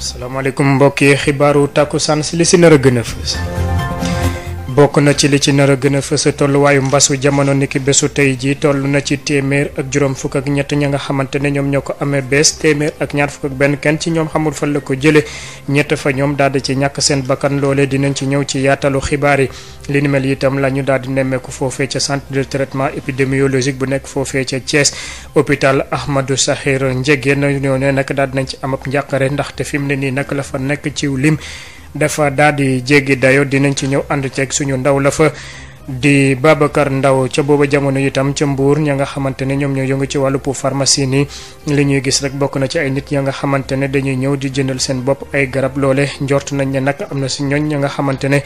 asalaamaaleykum mbokk yi xibaaru tàkkusaan si li si nar a gën a fës bokk na ci li ci nar a gën a fës tolluwaayu mbasu jamono niki bésu tey jii toll na ci téeméer ak juróom fukk ak ñett ña nga xamante ne ñoom ñoo ko amee bees téeméer ak ñaar fukk benn kenn ci ñoom xamul fan la ko jëlee ñett fa ñoom daal di ci ñàkk seen bakkan loolee dinañ ci ñëw ci yaatalu xibaar yi li mel itam la ñu daal di nemmeeku foofee ca centre de traitement épidémiologique bu nekk foofee ca Thiès hôpital Ahmadou Sakhir na ñoo ne nag daal dinañ ci am ab njàqare ndaxte fi mu ne nii nag la fa nekk ciw lim dafa daal di jéggi dayo dinañ ci ñëw ànd ceeg suñu ndaw la fa di Babacar Ndaw ca booba jamono itam ca Mbour ña nga xamante ne ñoom ñoo yëngu ci wàllu pour pharmacie nii li ñuy gis rek bokk na ci ay nit ña nga xamante ne dañuy ñëw di jëndal seen bopp ay garab loole njort nañ ne nag am na si ñooñ ña nga xamante ne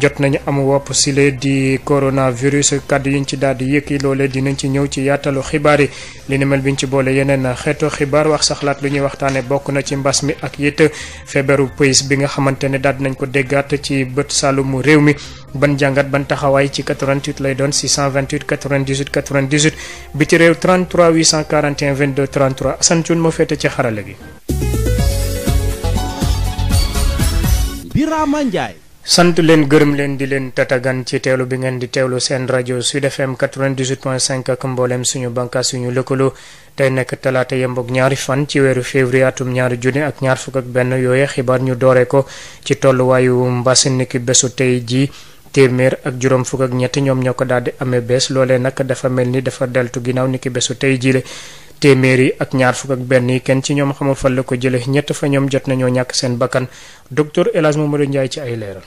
jot nañu amu wopp sile di coronavirus kàddu yiñ ci daal di yëkki loole dinañ ci ñëw ci yaatalu xibaar yi li ni mel ñu ci boole yeneen xeetu xibaar wax saxlaat lu ñuy waxtaane bokk na ci mbas mi ak it feebaru pays bi nga xamante ne daal dinañ ko déggaat ci bët saalumu réew mi ban jàngat ban taxawaay ci 88 lay doon 628 98 98 biti réew 33 841 22 33 Assane Thioune moo féete ci xarala gi. Birama Ndiaye. sant leen gërëm leen di leen tatagan ci teelu bi ngeen di teelu seen rajo Sud FM 98.5 ak mboolem suñu bànqaas suñu lëkkaloo tey nekk talaata yemboog ñaari fan ci weeru février ñaari junni ak ñaar fukk ak benn yooye xibaar ñu dooree ko ci tolluwaayu mbas niki bésu tey ji téeméer ak juróom fukk ak ñetti ñoom ñoo ko daal di amee bees loolee nag dafa mel ni dafa deltu ginnaaw ni ki bésu tey jile téeméer yi ak ñaar fukk ak benn yi kenn ci ñoom xamul fan la ko jële ñett fa ñoom jot nañoo ñàkk seen bakkan docteur El Hadj Mamadou Ndiaye ci ay leeral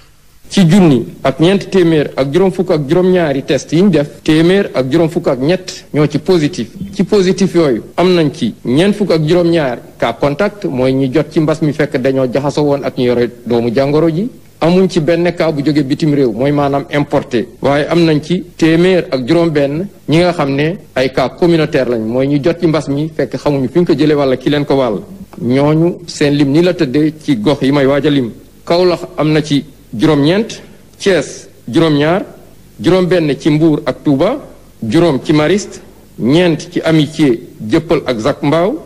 ci junni ak ñeenti téeméer ak juróom fukk ak juróom-ñaari test yi ñu def téeméer ak juróom fukk ak ñett ñoo ci positif ci positif yooyu am nañ ci ñeent fukk ak juróom-ñaar cas contact mooy ñi jot ci mbas mi fekk dañoo jaxasoo woon ak ñu yore doomu jàngoro ji amuñ ci benn cas bu jóge bitim réew mooy maanaam importé waaye am nañ ci téeméer ak juróom-benn ñi nga xam ne ay cas communautaire lañ mooy ñu jot ci mbas mi fekk xamuñu fi ñu ko jëlee walla ki leen ko wàll. ñooñu seen lim ni la tëddee ci gox yi may waaj a lim Kaolack am na ci juróom-ñeent Thiès juróom-ñaar juróom-benn ci mbuur ak Touba juróom ci Mariste ñeent ci Amitié Jëppal ak Zac Mbao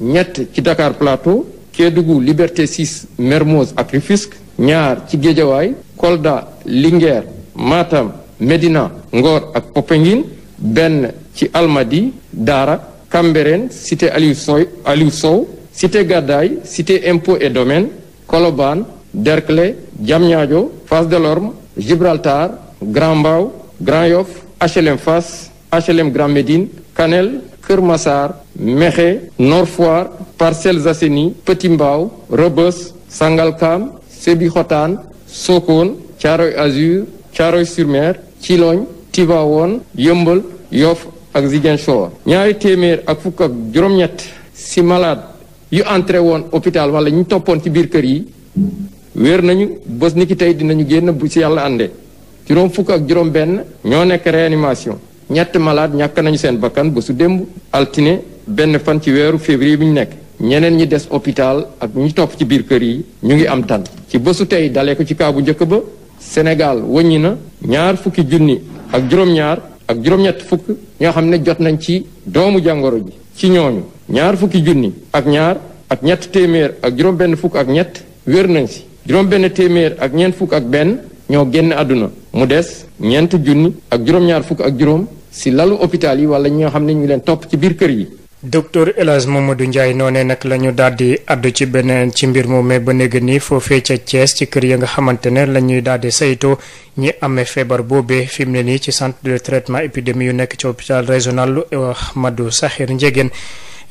ñett ci Dakar Plateau Kédougou Liberté 6 Mermoz ak Rufisque. ñaar ci Géejawaay Kolda Linguère Matam Médina Ngor ak Popenguine benn ci Almadi Daara Cambérène cité Aliou Sow Aliou Sow cité Gadaye cité Impôts et Domaines Colobane Derklé Diamniadio Fass Gibraltar Grand Mbao Grand Yoff HLM Fass HLM Grand Médine Kanel Kër Massar Mékhé Nord Foire Parcelles Assainies Petit Mbao Sangalkam Sébikotane Sokone Thiaroye Azur Thiaroye sur Mer Thilogne Tivaouane Yeumbeul Yoff ak Ziguinchor ñaari téeméer ak fukk ak juróom-ñett si malade yu entré woon hôpital wala ñu toppoon ci biir kër yi wéer nañu bës ni ki tey dinañu génn bu ci yàlla àndee juróom fukk ak juróom benn ñoo nekk réanimation ñett malade ñàkk nañu seen bakkan bésu démb altine benn fan ci weeru février bi ñu nekk ñeneen ñi des hôpital ak ñi topp ci biir kër yi ñu ngi am tan ci bësu tey dalee ko ci kaa bu njëkk ba Sénégal wëññi na ñaar fukki junni ak juróom-ñaar ak juróom-ñett fukk ñoo xam ne jot nañ ci doomu jàngoro ji ci ñooñu ñaar fukki junni ak ñaar ak ñett téeméer ak juróom-benn fukk ak ñett wér nañ si juróom-benn téeméer ak ñeent fukk ak benn ñoo génn àdduna mu des ñeent junni ak juróom-ñaar fukk ak juróom si lalu hôpital yi wala ñi nga xam ne ñu leen topp ci biir kër yi docteur El Hadj Mamadou Ndiaye noonee nag la ñu daal di àddu ci beneen ci mbir moomee ba néeg nii foofee ca Thiès ci kër ya nga xamante ne la ñuy daal di saytoo ñi amee feebar boobee fi mu ne nii ci sant de traitement épidémie yu nekk ci hôpital régional Ahmadou Sakhir Ndiéguène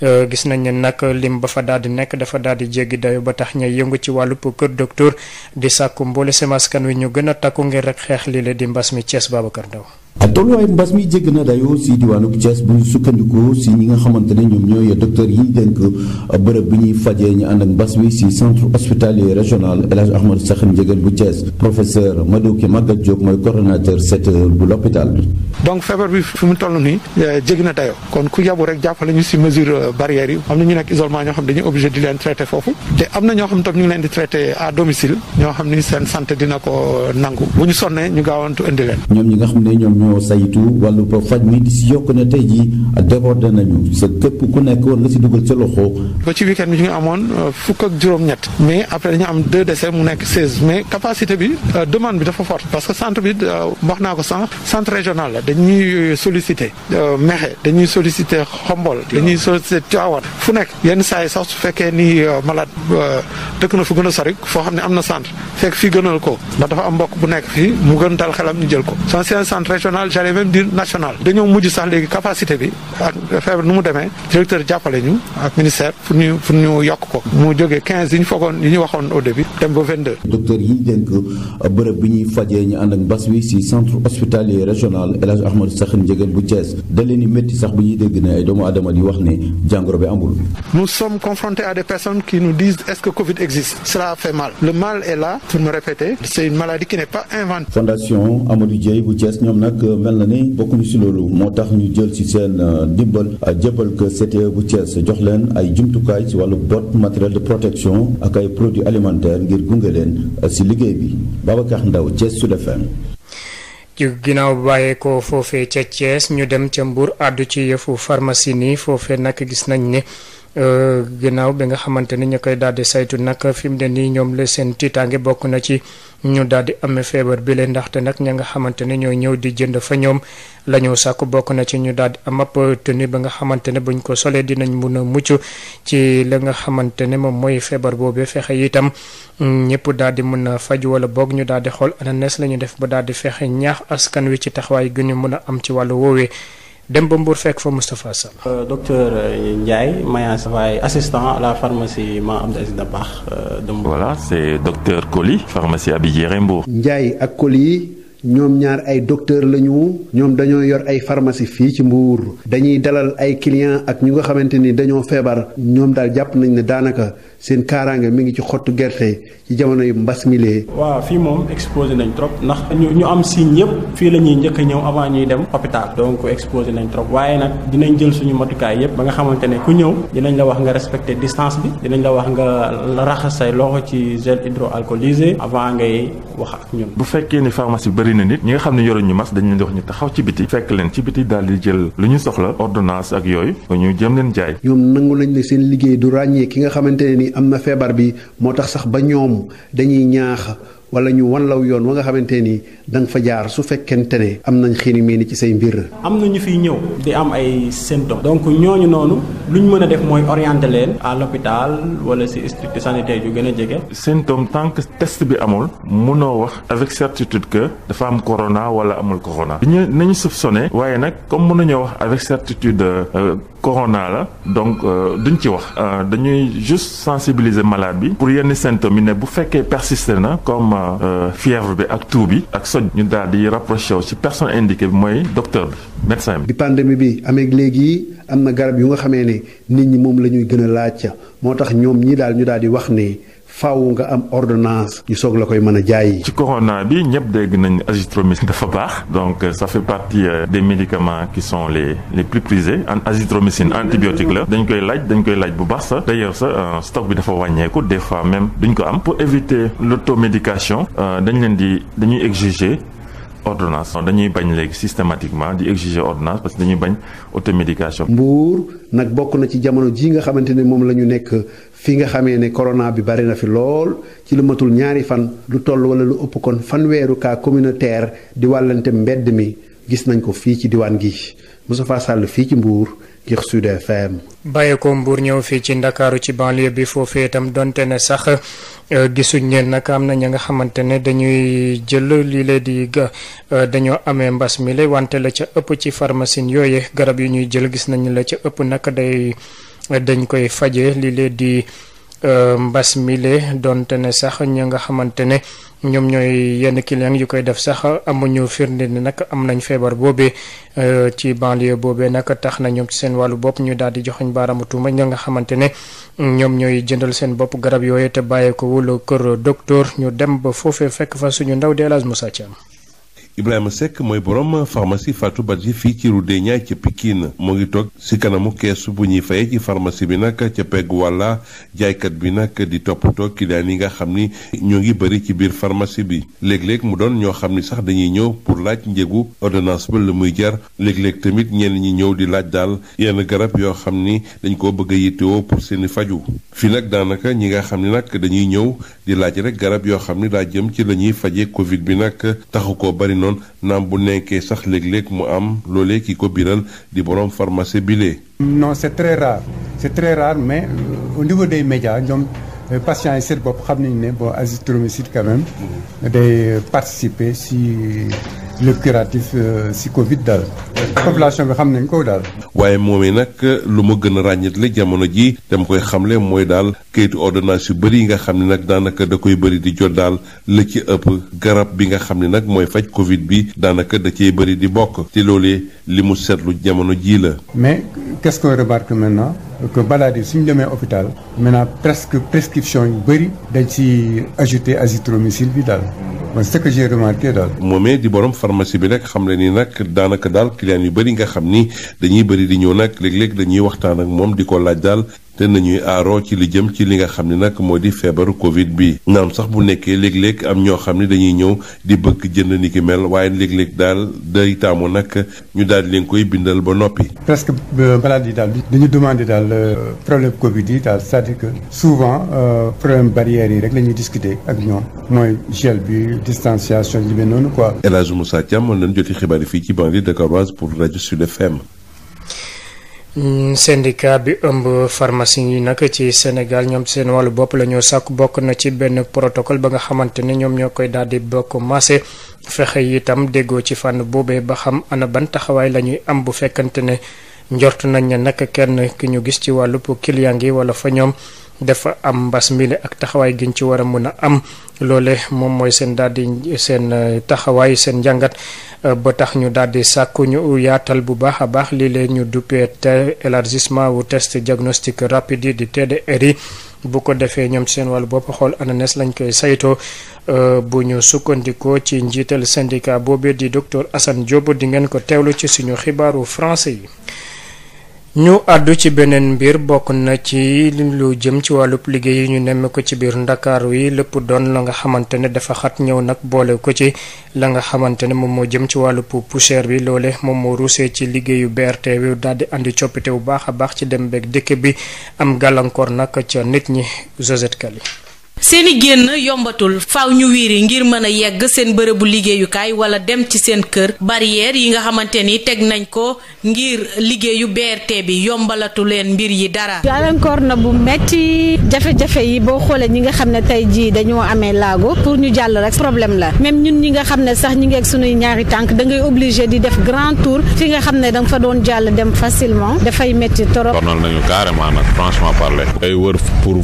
euh, gis nañ ne nag lim ba fa daal di nekk dafa daal di jéggi dayo ba tax ñay yëngu ci wàllub kër docteur di sàkku mboole semaskan wi ñu gën a takku ngir rek xeex lii la di mbas mi Thiès Babacar Ndaw tolluwaay mbas mi jégg na dayoo si diwaanu Thiès bu ñu sukkandikoo si ñi nga xamante ne ñoom ñooy docteur yi dénk bërëb bi ñuy fajee ñu ànd ak mbas mi si centre hospitalier régional El Hadj Ahmad Sakhir Ndiéguène bu Thiès professeur Madoké Maguette Diop mooy coordonnateur secteur bu l'hôpital bi donc feebar bi fi mu toll nii eh, jégg na dayoo kon ku yabu rek jàppale ñu si mesure euh, barrières yi am na ñu nekk isolement ñoo xam dañuy obligé di leen traité foofu te na ñoo xam tam ñu ngi leen di traité à domicile ñoo xam ni seen santé dina ko euh, nangu bu ñu sonnee ñu gaawantu indi leen ñoo saytu wàllu faj mi di si yokk ne tey jii débordé nañu sa képp ku nekk war nga si dugal sa loxo. ba ci weekend bi ñu ngi amoon euh, fukk ak juróom-ñett mais après dañu am deux décès mu nekk seize mais capacité bi euh, demande bi dafa forte parce que centre bi euh, wax naa ko sànq centre régional la dañuy sollicité Mexe dañuy sollicité Xombol dañuy sollicité Tivaouane fu nekk yenn saa yi sax su fekkee ni malade dëkk na fu gën a sori foo xam ne am na centre fekk fii gënal ko ndax dafa am mbokk bu nekk mu gën dal xelam jël ko international j'allais même dire national dañoo mujj sax léegi capacité bi ak feebar nu mu demee directeur jàppale ñu ak ministère pour ñu yokk ko mu jógee quinze yi ñu foogoon yi ñu waxoon au début dem ba vingt deux yi dénk bërëb bi ñuy fajee ñu ànd ak mbas wi si centre hospitalier régional El Hadj Ahmadou Sakhir bu Thiès da leen di sax bu ñuy dégg ne ay doomu aadama di wax ne jàngoro bi amul nous sommes confrontés à des personnes qui nous disent est-ce que Covid existe cela fait mal le mal nag mel na ni bokkuñu si loolu moo tax ñu jël ci seen euh, ndimbal euh, jëbal que CTE bu sa jox leen ay jumtukaay si wàllu bot matériel de protection ak ay produits alimentaire ngir gunge leen si euh, liggéey bi Babacar Ndaw Thiès Sud FM ci ginnaaw bàyyeekoo foofee ca Thiès ñu dem ca Mbour àddu ci yëfu pharmacie nii foofee nak gis nañ ne Euh, ginnaaw bi nga xamante ni ñu koy daal di saytu nag fi mu ne nii ñoom la seen tiitaange bokk na ci ñu daal di amee feebar bi leen ndaxte nag ña nga xamante ne ñooy ñëw di jënd fa ñoom la ñu sàkku bokk na ci ñu daal di am ab ba nga xamante ne buñ ko solee dinañ mun a mucc ci la nga xamante ne moom mooy feebar boobu fexe itam ñëpp daal di mën a faj wala boog ñu daal di xool ananes la ñu def ba daal di fexe ñaax askan wi ci taxawaay gi ñu mën a am ci wàllu woowee. dem ba Mbour fekk fa Moustapha Sall. Euh, docteur euh, Ndiaye Maya Savaay assistant à la pharmacie Ma Abdou Aziz Dabakh euh, de Mbour. voilà c'est docteur Koli pharmacie Abidjéré Mbour. Ndiaye ak Koli. ñoom ñaar ay docteur lañu ñoom dañoo yor ay pharmacie fii ci Mbour dañuy dalal ay client ak ñu nga xamante ni dañoo feebar ñoom daal jàpp nañ ne daanaka seen kaaraange mi ngi ci xottu gerte ci jamono yu mbas mi waa fii moom exposé nañ trop ndax ñu ñu am signe yëpp fii la ñuy njëkk a ñëw avant ñuy dem hôpital donc exposé nañ trop waaye nag dinañ jël suñu matukaay yëpp ba nga xamante ne ku ñëw dinañ la wax nga respecté distance bi dinañ la wax nga raxas say loxo ci gel hydroalcoolisé avant ngay wax ak bëri na nit ñi nga xam ne yoruñu masque dañ leen di wax ñu taxaw ci biti fekk leen ci biti daal di jël lu ñu soxla ordonnance ak yooyu ñu jëm leen jaay ñoom nangu nañ ne seen liggéey du ràññee ki nga xamante ne ni am na feebar bi moo tax sax ba ñoom dañuy ñaax wala ñu wan law yoon wa nga xamante nii da nga fa jaar su fekkente ne am nañ xiini mii ni ci say mbir. am na ñu fiy ñëw di am ay symptômes. donc ñooñu noonu lu ñu mën a def mooy orienter leen à l'hôpital wala si structure sanitaire yu gën a jege. symptôme tant que test bi amul mënoo wax avec certitude que dafa am corona wala amul corona. dañu nañu soupçonné waaye nag comme mën nañoo wax avec certitude euh, corona la donc euh, duñ ci wax euh, dañuy juste sensibiliser malade bi pour yenn symptômes yi ne bu vraiment euh, fièvre bi ak toux bi ak soj ñu daal di rapproché wu ci personne indiquée bi mooy docteur bi médecin bi. bi bi amee léegi am na garab yu nga xamee ne nit ñi moom la ñuy gën a laaj moo tax ñoom ñii daal ñu daal di wax ne. faaw nga am ordonnance ñu soog la koy mën a jaay. ci corona bi ñëpp dégg nañ azithromycine dafa baax donc sa euh, fait partie euh, des médicaments qui son les les plus prisés en azithromycine antibiotique la dañ koy laaj dañ koy laaj bu baax sax d'ailleurs sax euh, stock bi dafa wàññeeku des fois même duñ ko am pour éviter l'automédication dañ leen di dañuy exiger. ordonnance dañuy bañ léegi systématiquement di exiger ordonnance parce que dañuy bañ automédication. mbuur nag bokk na ci jamono ji nga xamante ne moom la ñu nekk fii nga xamee ne corona bi bari na fi lool ci lu matul ñaari fan lu toll wala lu ëpp kon fanweeru cas communautaire di wàllante mbedd mi gis nañ ko fii ci diwaan gi Moustapha Sall fii ci Mbour ngir Sud FM. bàyyeekoo mbuur ñëw fii ci ndakaaru ci banlieue bi foofee itam donte ne sax euh, gisuñ ñeen nag am na ña nga xamante ne dañuy jël lii la di euh, dañoo amee mbas mile wante la ca ëpp ci pharmacie yooye garab yu ñuy jël gis nañ la ca ëpp nag day. dañ koy faje lii lee di euh, mbas mile donte ne sax ñu nga xamante ne ñoom ñooy yenn client yu koy def sax amuñu firnde ne nag am nañ feebar boobee euh, ci banlieue boobee nag tax na ñoom ci seen wàllu bopp ñu daal di joxoñ baaraamu tuuma ñi nga xamante ne ñoom ñooy jëndal seen bopp garab yooyu te bàyyee ko wul kër docteur ñu dem ba foofee fekk fa suñu ndaw di El Hadj Moussa Ibrahima Seck mooy borom pharmacie Fatou Badji fii ci Rue des Niayes ca Pikine moo ngi toog si kanamu keesu bu ñuy fayee ci pharmacie bi nag ca pegg wàlla jaaykat bi nag di toppatoo client yi nga xam ni ñoo ngi bëri ci biir pharmacie bi léeg-léeg mu doon ñoo xam ni sax dañuy ñëw pour laaj njëgu ordonnance ba la muy jar léeg-léeg tamit ñenn ñi ñëw di laaj daal yenn garab yoo xam ni dañ koo bëgg a yittewoo pour seeni faju fi nag daanaka ñi nga xam ni nag dañuy ñëw di laaj rek garab yoo xam ni daa jëm ci la ñuy fajee Covid bi nag noonu naam bu nekkee sax léeg-léeg mu am loolee ki ko biral di borom pharmacie bile. non c'est très rare c'est très rare mais euh, au niveau des médias ñoom euh, patients yi seen bopp xam nañu ne bon azithromycine quand même mm-hmm. day euh, participer si. le curatif euh, si Covid daal. population bi xam nañ ko daal. waaye moomee nag lu ma gën a ràññeetle jamono ji dama koy xamle mooy daal kayitu ordonnance yu bëri yi nga xam ne nag daanaka da koy bëri di jot daal la ci ëpp garab bi nga xam ne nag mooy faj Covid bi daanaka da cee bëri di bokk te loolee li mu seetlu jamono jii la. mais qu'est-ce qu'on remarque maintenant que malade yi suñu demee opital maintenant presque prescription yu bëri dañ ci ajouté azithromycine bi daal man ce que j'ai remarqué moomee di borom pharmacie bi nag xam le ni nag daanaka daal client yu bëri nga xam ni dañuy bëri di ñëw nag léegi léeg dañuy waxtaan ak moom di ko laaj daal. te nañuy aaroo ci li jëm ci li nga xam ne nag moo di feebaru Covid bi naam sax bu nekkee léeg-léeg am ñoo xam ne dañuy ñëw di bëgg jënd ni ki mel waaye léeg-léeg daal day taamu nag ñu daal di leen koy bindal ba noppi. presque euh, malade yi daal dañu demandé daal euh, problème Covid yi daal c'est-à-dire que souvent euh, problème barrières yi rek la ñuy ak ñoom mooy gel bi distanciation yi mel noonu quoi. El Hadj Moussa Thiam mën joti xibaar yi fii ci banlieue dakaroise pour rajo Sud FM. Mm, syndicat bi ëmb pharmacie yi nag ci Sénégal ñoom seen wàllu bopp la ñoo sàkk bokk na ci benn protocole ba nga xamante ne ñoom ñoo koy daal di bokk maase fexe itam déggoo ci fànn boobee ba xam ana ban taxawaay la ñuy am bu fekkante ne njort nañ ne nag kenn ki ñu gis ci wàllu client yi wala fa ñoom dafa am mbas mbile ak taxawaay giñ ci war a mën a am loole moom mooy seen daal di seen eh, taxawaay seen njàngat eh, ba tax ñu daal di sàkku ñu yaatal bu baax a baax lii leen ñu duppee te élargissement wu test diagnostic rapide yi di TDR yi bu ko defee ñoom seen wàllu bopp xool ananes lañ koy saytoo eh, bu ñu sukkandikoo ci njiital syndicat boobee di docteur Assane Diop di ngeen ko teewlu ci suñu xibaaru français yi. ñu àddu ci beneen mbir bokk na ci lu jëm ci wàllu liggéey yi ñu nemme ko ci biir ndakaaru yi lépp doon la nga xamante ne dafa xat ñëw nag boole ko ci la nga xamante ne moom moo jëm ci wàllu poussière bi loole moom moo ruusee ci liggéeyu BRT bi daal di andi coppite bu baax a baax ci dem beeg dëkk bi am gàllankoor nag ca nit ñi Josette Kali seeni génn yombatul faw ñu wiiri ngir mën a yegg seen bërëbu liggéeyukaay wala dem ci seen kër barrière yi nga xamante ni teg nañ ko ngir liggéeyu beerte bi yombalatu leen mbir yi dara. gàllankoor na bu metti jafe-jafe yi boo xoolee ñi nga xam ne tey jii dañoo amee laago pour ñu jàll rek problème la même ñun ñi nga xam ne sax ñi ngi ak sunuy ñaari tànk da ngay obligé di def grand tour fi nga xam ne da fa doon jàll dem facilement dafay metti trop. sonal nañu carrément nag franchement parler. ay wër pour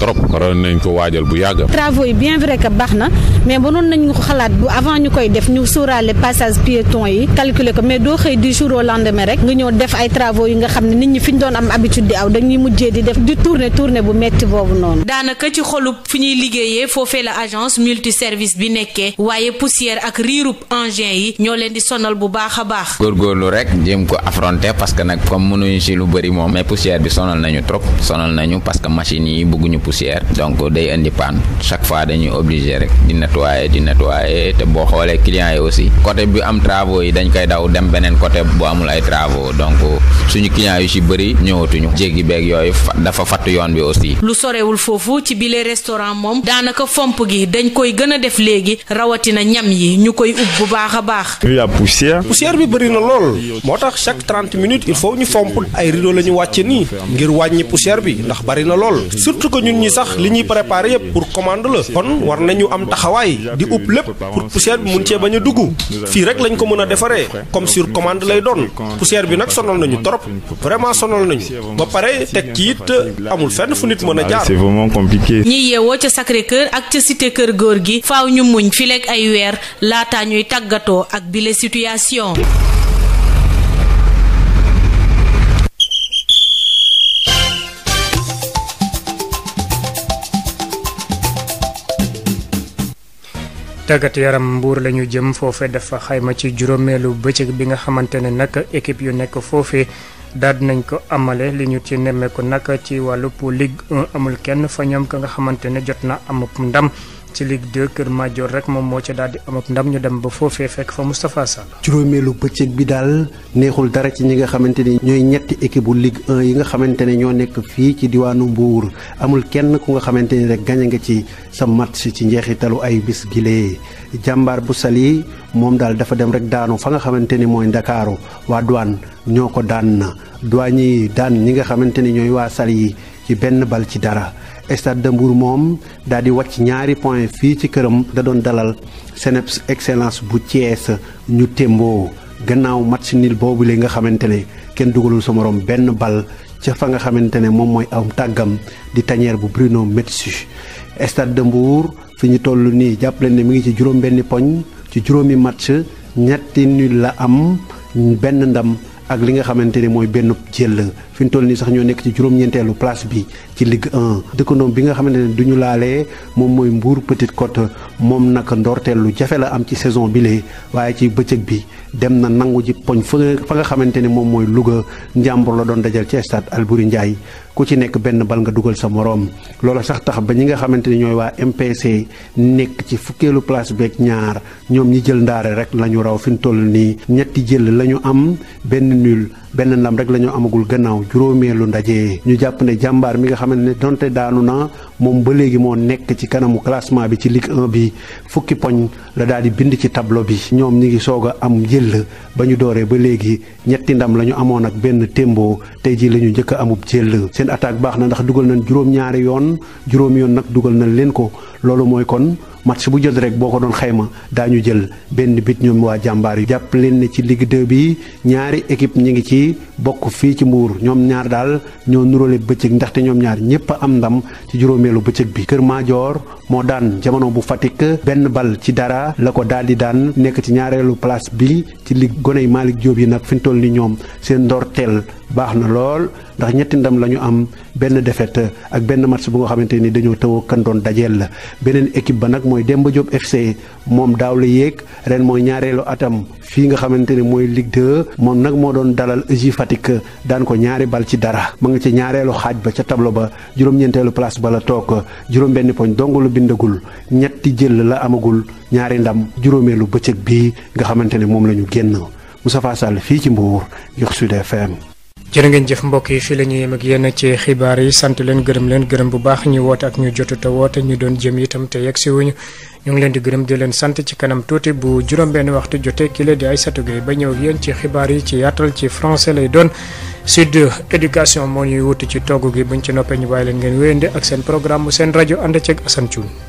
trop waroon nañ ko waajal bu yàgg. travaux yi bien vrai que baax na mais mënoon nañ ko xalaat bu avant ñu koy def ñu sóoraale passage piéton yi calculer ko mais doo xëy du jour au lendemain rek nga ñëw def ay travaux yi nga xam ne nit ñi fi ñu doon am habitude di aw dañuy mujjee di def di tourner tourner bu métti boobu noonu. daanaka ci xolub fi ñuy liggéeye foofee la agence service bi nekkee waaye poussière ak riirub engin yi ñoo leen di sonal bu baax a baax. góorgóorlu rek jéem ko affronter parce que nag comme mënuñu ci lu bëri moom mais poussière bi sonal nañu trop sonal nañu parce que machine yi bëgguñu poussière donc day indi panne chaque fois dañuy obligé rek di nettoyer di nettoyer te boo xoolee clients yi aussi côté bi am travaux yi dañ koy daw dem beneen côté bu amul ay travaux donc suñu clients yu ci bëri ñëwatuñu jéggi beeg yooyu dafa fatt yoon bi aussi. lu sorewul foofu ci bile restaurant moom daanaka fomp gi dañ koy gën a def léegi rawatina ñam yi ñu koy ub bu baax a baax. y'a poussière. bi bëri na lool moo tax chaque trente minutes il faut ñu fomp a rideau la ñu wàcce nii ngir wàññi poussière bi ndax bëri na ñun ñi sax li ñuy préparé yëpp pour commande la kon war nañu am taxawaay di upp lépp pour poussière bi mun cee bañ a dugg fii rek lañ ko mën a defaree comme sur lay doon poussière bi nag sonal nañu trop vraiment sonal nañu ba pare teg ci it amul fenn fu nit mën a jaar. c'est vraiment compliqué. ñi yeewoo ca Sacré Cœur ak ca cité kër góor gi faaw ñu muñ fileeg ay weer laataa ñuy tàggatoo ak bile situation. tàggat yaram mbuur la ñu jëm foofe dafa xayma ci juróomeelu bëccëg bi nga xamante ne nag équipe yu nekk foofe daal nañ ko amale li ñu ci nemmeeku nag ci wàllu Ligue 1 amul kenn fa ñoom ka nga xamante ne jot na am ndam. ci Ligue 2 Kër Madior rek moom moo ca daal di am ndam ñu dem ba foofee fekk fa Moustapha Sall. juróomeelu bëccëg bi daal neexul dara ci ñi nga xamante ni ñooy ñetti équipe bu Ligue yi nga xamante ne ñoo nekk fii ci diwaanu Mbour amul kenn ku nga xamante ni rek gañe nga ci sa match ci njeexitalu ay bis gilee jàmbaar bu sali moom daal dafa dem rek daanu fa nga xamante ni mooy Ndakaaru waa douane ñoo ko daan na douane yi daan ñi nga xamante ni ñooy waa sali yi ci benn bal ci dara. stade de Mbour moom daal di wàcc ñaari point fii ci këram da doon dalal CNEPS excellence bu Thiès ñu témboo gannaaw match nil boobu li nga xamante ne kenn dugalul sa moroom benn bal ca fa nga xamante ne moom mooy am tàggam di tanière bu Bruno Metsu stade de Mbour fi ñu toll nii jàppale ne mi ngi ci juróom benni poñ ci juróomi match ñetti nul la am benn ndam ak li nga xamante ni mooy benn jël fi ñu toll nii sax ñoo nekk ci juróom-ñeenteelu place bi ci Ligue 1 dëkkandoom bi nga xamante ne duñu ñu laalee moom mooy Mbour Petite Côte moom nag ndorteel lu jafe la am ci saison bi lee waaye ci bëccëg bi dem na nangu ji poñ fa nga xamante ne moom mooy Louga njàmbur la doon dajal ci stade Albouri Ndiaye ku ci nekk benn bal nga dugal sa moroom loola sax tax ba ñi nga xamante ni ñooy waa MPC nekk ci fukkeelu place beeg ñaar ñoom ñi jël ndaare rek la ñu raw fi ñu toll nii ñetti jël la ñu am benn nul benn ndam rek la ñu amagul gannaaw juróomeelu ndaje ñu jàpp ne jàmbaar mi nga xamante ne donte daanu na moom ba léegi moo nekk ci kanamu classement bi ci Ligue 1 bi fukki poñ la daal di bind ci tablo bi ñoom ñi ngi soog a am jël ba ñu dooree ba léegi ñetti ndam la ñu amoon ak benn témboo tey jii la ñu njëkk a amub jël seen attaque baax na ndax dugal nañ juróom-ñaari yoon juróom yoon nag dugal nañ leen ko loolu mooy kon match bu jot rek boo ko doon xayma ñu jël benn bit ñoom waa jàmbaar yi. jàpp leen ne ci Ligue 2 bi ñaari équipe ñi ngi ci bokk fii ci Mbour ñoom ñaar daal ñoo nuroole bëccëg ndaxte ñoom ñaar ñëpp am ndam ci juróomeelu bëccëg bi. Kër Madior moo daan jamono bu Fatick benn bal ci dara la ko daal di daan nekk ci ñaareelu place bi ci Ligue goney Malick Diop yi nag fi ñu toll ni ñoom seen ndorteel. baax na lool ndax ñetti ndam la ñu am benn défaite ak benn match bu nga xamante ni dañoo tawoo kan doon dajeel la beneen équipe ba nag mooy Demba Diop FC moom daaw la yéeg ren mooy ñaareelu atam fii nga xamante ni mooy ligg 2 moom nag moo doon dalal EJ Fatick daan ko ñaari bal ci dara mu ngi ca ñaareelu xaaj ba ca tableau ba juróom-ñeenteelu place ba la toog juróom-benn poñ dong la bindagul ñetti jël la amagul ñaari ndam juróomeelu bëccëg bi nga xamante ne moom la ñu génn fii ci Mbour Sud FM. jërë ngeen jëf mbokk yi fii la ñuy yem ak yéen ci xibaar yi sant leen gërëm leen gërëm bu baax ñu woote ak ñu jotuta woote ñu doon jëm itam te yegg si wuñu ñu ngi leen di gërëm di leen sant ci kanam tuuti bu juróom-benn waxtu jotee ki la ay Aïssatou Gueye ba ñëw ak yéen ci xibaar yi ci yaatal ci français lay doon sud éducation moo ñuy wutu ci togg gi buñ ci noppee ñu bàyyi leen ngeen wéyandi ak seen programme seen rajo ànd ceeg Assane Thioune